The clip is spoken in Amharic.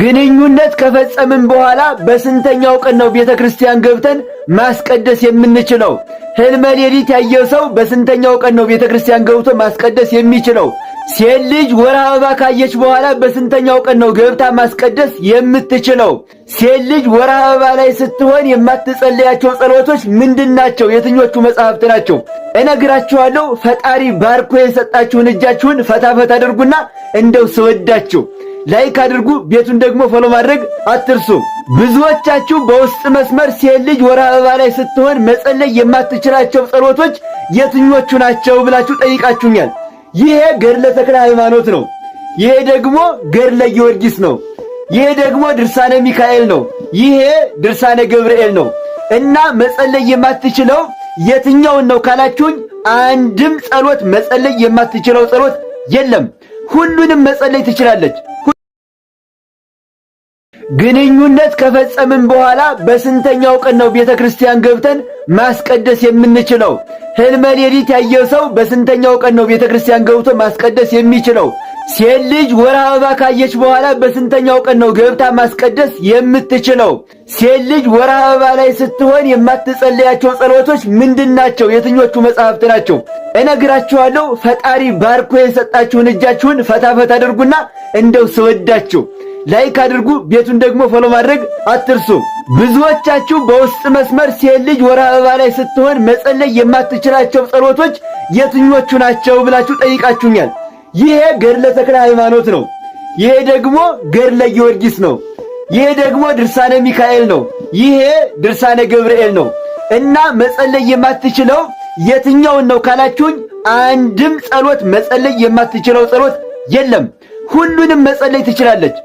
ግንኙነት ከፈጸምን በኋላ በስንተኛው ቀን ነው ቤተ ክርስቲያን ገብተን ማስቀደስ የምንችለው? ሕልመ ሌሊት ያየው ሰው በስንተኛው ቀን ነው ቤተ ክርስቲያን ገብቶ ማስቀደስ የሚችለው? ሴት ልጅ ወር አበባ ካየች በኋላ በስንተኛው ቀን ነው ገብታ ማስቀደስ የምትችለው? ሴት ልጅ ወር አበባ ላይ ስትሆን የማትጸለያቸው ጸሎቶች ምንድን ናቸው? የትኞቹ መጽሐፍት ናቸው? እነግራችኋለሁ። ፈጣሪ ባርኮ የሰጣችሁን እጃችሁን ፈታፈት አድርጉና እንደው ስወዳችሁ ላይክ አድርጉ። ቤቱን ደግሞ ፎሎ ማድረግ አትርሱ። ብዙዎቻችሁ በውስጥ መስመር ሴት ልጅ ወር አበባ ላይ ስትሆን መጸለይ የማትችላቸው ጸሎቶች የትኞቹ ናቸው ብላችሁ ጠይቃችሁኛል። ይሄ ገድለ ተክለ ሃይማኖት ነው። ይሄ ደግሞ ገድለ ጊዮርጊስ ነው። ይሄ ደግሞ ድርሳነ ሚካኤል ነው። ይሄ ድርሳነ ገብርኤል ነው እና መጸለይ የማትችለው የትኛውን ነው ካላችሁኝ፣ አንድም ጸሎት መጸለይ የማትችለው ጸሎት የለም። ሁሉንም መጸለይ ትችላለች። ግንኙነት ከፈጸምን በኋላ በስንተኛው ቀን ነው ቤተ ክርስቲያን ገብተን ማስቀደስ የምንችለው? ሕልመ ሌሊት ያየው ሰው በስንተኛው ቀን ነው ቤተ ክርስቲያን ገብቶ ማስቀደስ የሚችለው? ሴት ልጅ ወር አበባ ካየች በኋላ በስንተኛው ቀን ነው ገብታ ማስቀደስ የምትችለው? ሴት ልጅ ወር አበባ ላይ ስትሆን የማትጸለያቸው ጸሎቶች ምንድን ናቸው? የትኞቹ መጽሐፍት ናቸው? እነግራችኋለሁ። ፈጣሪ ባርኮ የሰጣችሁን እጃችሁን ፈታፈት አድርጉና እንደው ስወዳችሁ ላይክ አድርጉ። ቤቱን ደግሞ ፎሎ ማድረግ አትርሱ። ብዙዎቻችሁ በውስጥ መስመር ሴት ልጅ ወር አበባ ላይ ስትሆን መጸለይ የማትችላቸው ጸሎቶች የትኞቹ ናቸው ብላችሁ ጠይቃችሁኛል። ይሄ ገድለ ተክለ ሃይማኖት ነው። ይሄ ደግሞ ገድለ ጊዮርጊስ ነው። ይሄ ደግሞ ድርሳነ ሚካኤል ነው። ይሄ ድርሳነ ገብርኤል ነው እና መጸለይ የማትችለው የትኛውን ነው ካላችሁኝ፣ አንድም ጸሎት መጸለይ የማትችለው ጸሎት የለም። ሁሉንም መጸለይ ትችላለች።